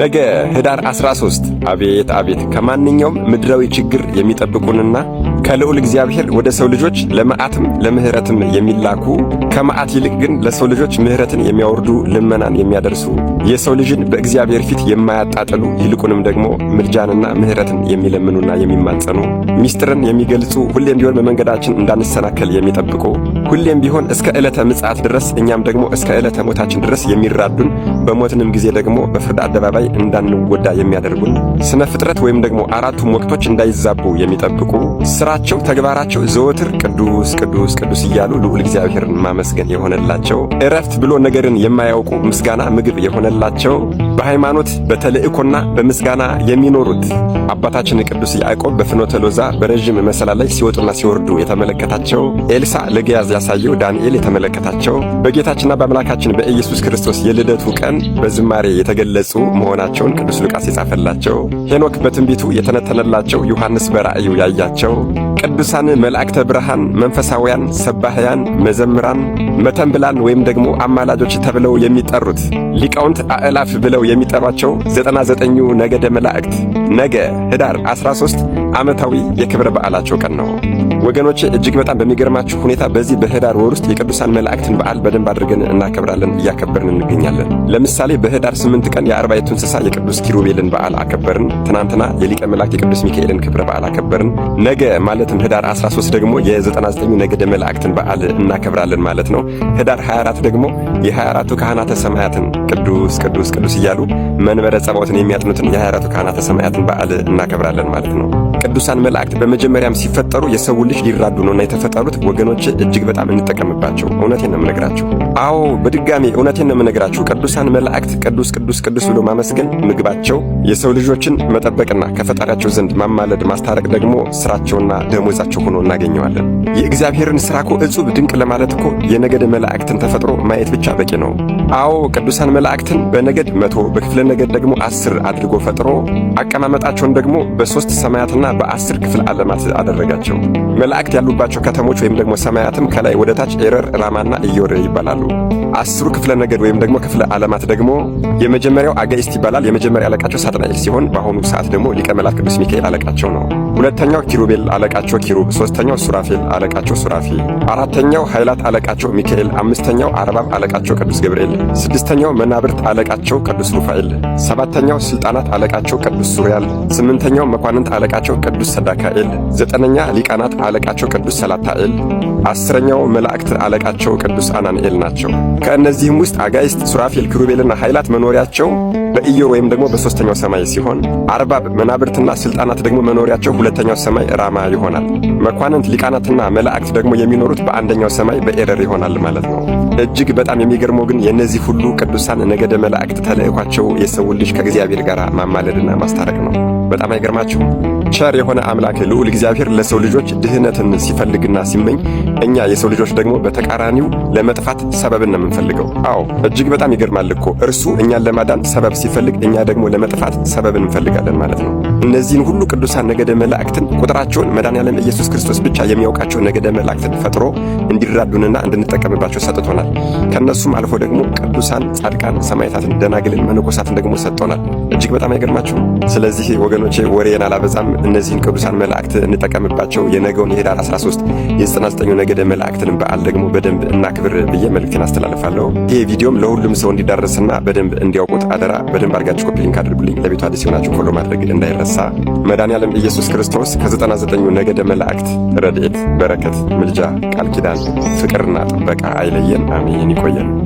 ነገ ህዳር 13 አቤት አቤት ከማንኛውም ምድራዊ ችግር የሚጠብቁንና ከልዑል እግዚአብሔር ወደ ሰው ልጆች ለመዓትም ለምህረትም የሚላኩ ከመዓት ይልቅ ግን ለሰው ልጆች ምህረትን የሚያወርዱ ልመናን የሚያደርሱ የሰው ልጅን በእግዚአብሔር ፊት የማያጣጥሉ ይልቁንም ደግሞ ምልጃንና ምህረትን የሚለምኑና የሚማጸኑ ሚስጥርን የሚገልጹ ሁሌም ቢሆን በመንገዳችን እንዳንሰናከል የሚጠብቁ ሁሌም ቢሆን እስከ ዕለተ ምጽአት ድረስ እኛም ደግሞ እስከ ዕለተ ሞታችን ድረስ የሚራዱን በሞትንም ጊዜ ደግሞ በፍርድ አደባባይ እንዳንጎዳ የሚያደርጉን ስነ ፍጥረት ወይም ደግሞ አራቱም ወቅቶች እንዳይዛቡ የሚጠብቁ ስራቸው፣ ተግባራቸው ዘወትር ቅዱስ ቅዱስ ቅዱስ እያሉ ልዑል እግዚአብሔርን ማመስገን የሆነላቸው እረፍት ብሎ ነገርን የማያውቁ ምስጋና ምግብ የሆነላቸው በሃይማኖት በተልእኮና በምስጋና የሚኖሩት አባታችን ቅዱስ ያዕቆብ በፍኖተ ሎዛ በረዥም መሰላል ላይ ሲወጡና ሲወርዱ የተመለከታቸው ኤልሳ ለገያዝ ያሳየው ዳንኤል የተመለከታቸው በጌታችንና በአምላካችን በኢየሱስ ክርስቶስ የልደቱ ቀን በዝማሬ የተገለጹ መሆን መሆናቸውን ቅዱስ ሉቃስ የጻፈላቸው፣ ሄኖክ በትንቢቱ የተነተነላቸው፣ ዮሐንስ በራእዩ ያያቸው ቅዱሳን መላእክተ ብርሃን፣ መንፈሳውያን፣ ሰባህያን፣ መዘምራን፣ መተንብላን ወይም ደግሞ አማላጆች ተብለው የሚጠሩት ሊቃውንት አእላፍ ብለው የሚጠሯቸው ዘጠና ዘጠኙ ነገደ መላእክት ነገ ህዳር 13 ዓመታዊ የክብረ በዓላቸው ቀን ነው። ወገኖች እጅግ በጣም በሚገርማችሁ ሁኔታ በዚህ በህዳር ወር ውስጥ የቅዱሳን መላእክትን በዓል በደንብ አድርገን እናከብራለን፣ እያከበርን እንገኛለን። ለምሳሌ በህዳር ስምንት ቀን የአርባዕቱ እንስሳ የቅዱስ ኪሩቤልን በዓል አከበርን። ትናንትና የሊቀ መላእክት የቅዱስ ሚካኤልን ክብረ በዓል አከበርን። ነገ ማለት ማለትም ህዳር 13 ደግሞ የ99 ነገደ መላእክትን በዓል እናከብራለን ማለት ነው። ህዳር 24 ደግሞ የ24ቱ ካህናተ ሰማያትን ቅዱስ ቅዱስ ቅዱስ እያሉ መንበረ ጸባዖትን የሚያጥኑትን የ24ቱ ካህናተ ሰማያትን በዓል እናከብራለን ማለት ነው። ቅዱሳን መላእክት በመጀመሪያም ሲፈጠሩ የሰው ልጅ ሊራዱ ነውና የተፈጠሩት ወገኖች፣ እጅግ በጣም እንጠቀምባቸው። እውነቴን ነው የምነግራችሁ። አዎ በድጋሚ እውነቴን ነው የምነግራችሁ። ቅዱሳን መላእክት ቅዱስ ቅዱስ ቅዱስ ብሎ ማመስገን ምግባቸው፣ የሰው ልጆችን መጠበቅና ከፈጣሪያቸው ዘንድ ማማለድ ማስታረቅ ደግሞ ስራቸውና ደሞ አሞዛቸው ሆኖ እናገኘዋለን። የእግዚአብሔርን ሥራ እኮ እጹብ ድንቅ ለማለት እኮ የነገድ መላእክትን ተፈጥሮ ማየት ብቻ በቂ ነው። አዎ ቅዱሳን መላእክትን በነገድ መቶ በክፍለ ነገድ ደግሞ አስር አድርጎ ፈጥሮ አቀማመጣቸውን ደግሞ በሦስት ሰማያትና በአስር ክፍል ዓለማት አደረጋቸው። መላእክት ያሉባቸው ከተሞች ወይም ደግሞ ሰማያትም ከላይ ወደ ታች ኤረር፣ ራማና እየወረ ይባላሉ። አስሩ ክፍለ ነገድ ወይም ደግሞ ክፍለ ዓለማት ደግሞ የመጀመሪያው አጋይስት ይባላል። የመጀመሪያ አለቃቸው ሳጥናኤል ሲሆን በአሁኑ ሰዓት ደግሞ ሊቀ መላእክት ቅዱስ ሚካኤል አለቃቸው ነው። ሁለተኛው ኪሩቤል አለቃቸው አለቃቸው ኪሩብ፣ ሶስተኛው ሱራፌል አለቃቸው ሱራፌል፣ አራተኛው ኃይላት አለቃቸው ሚካኤል፣ አምስተኛው አርባብ አለቃቸው ቅዱስ ገብርኤል፣ ስድስተኛው መናብርት አለቃቸው ቅዱስ ሩፋኤል፣ ሰባተኛው ስልጣናት አለቃቸው ቅዱስ ሱሪያል፣ ስምንተኛው መኳንንት አለቃቸው ቅዱስ ሰዳካኤል፣ ዘጠነኛ ሊቃናት አለቃቸው ቅዱስ ሰላታኤል፣ አስረኛው መላእክት አለቃቸው ቅዱስ አናንኤል ናቸው። ከእነዚህም ውስጥ አጋይስት ሱራፌል፣ ኪሩቤልና ኃይላት መኖሪያቸው ኢዮ ወይም ደግሞ በሶስተኛው ሰማይ ሲሆን አርባብ መናብርትና ስልጣናት ደግሞ መኖሪያቸው ሁለተኛው ሰማይ ራማ ይሆናል። መኳንንት ሊቃናትና መላእክት ደግሞ የሚኖሩት በአንደኛው ሰማይ በኤረር ይሆናል ማለት ነው። እጅግ በጣም የሚገርመው ግን የእነዚህ ሁሉ ቅዱሳን ነገደ መላእክት ተልእኳቸው የሰው ልጅ ከእግዚአብሔር ጋር ማማለድና ማስታረቅ ነው። በጣም አይገርማችሁ? ቸር የሆነ አምላክ ልዑል እግዚአብሔር ለሰው ልጆች ድህነትን ሲፈልግና ሲመኝ፣ እኛ የሰው ልጆች ደግሞ በተቃራኒው ለመጥፋት ሰበብን ነው የምንፈልገው። አዎ እጅግ በጣም ይገርማል እኮ እርሱ እኛን ለማዳን ሰበብ ሲፈልግ ስንፈልግ እኛ ደግሞ ለመጥፋት ሰበብን እንፈልጋለን ማለት ነው። እነዚህን ሁሉ ቅዱሳን ነገደ መላእክትን ቁጥራቸውን መድኃኔዓለም ኢየሱስ ክርስቶስ ብቻ የሚያውቃቸው ነገደ መላእክትን ፈጥሮ እንዲራዱንና እንድንጠቀምባቸው ሰጥቶናል። ከእነሱም አልፎ ደግሞ ቅዱሳን ጻድቃን፣ ሰማዕታትን፣ ደናግልን፣ መነኮሳትን ደግሞ ሰጥቶናል። እጅግ በጣም አይገርማችሁም? ስለዚህ ወገኖቼ ወሬን አላበዛም። እነዚህን ቅዱሳን መላእክት እንጠቀምባቸው። የነገውን የህዳር 13 የ99ኙ ነገደ መላእክትን በዓል ደግሞ በደንብ እናክብር ብዬ መልእክቴን አስተላልፋለሁ። ይህ ቪዲዮም ለሁሉም ሰው እንዲዳረስና በደንብ እንዲያውቁት አደራ። በደንብ አድርጋችሁ ኮፒ ሊንክ አድርጉልኝ። ለቤቱ አዲስ የሆናችሁ ፎሎ ማድረግ እንዳይረሳ። መድኃኔዓለም ኢየሱስ ክርስቶስ ከ 99 ነገደ መላእክት ረድኤት፣ በረከት፣ ምልጃ፣ ቃል ኪዳን፣ ፍቅርና ጥበቃ አይለየን። አሜን። ይቆየን።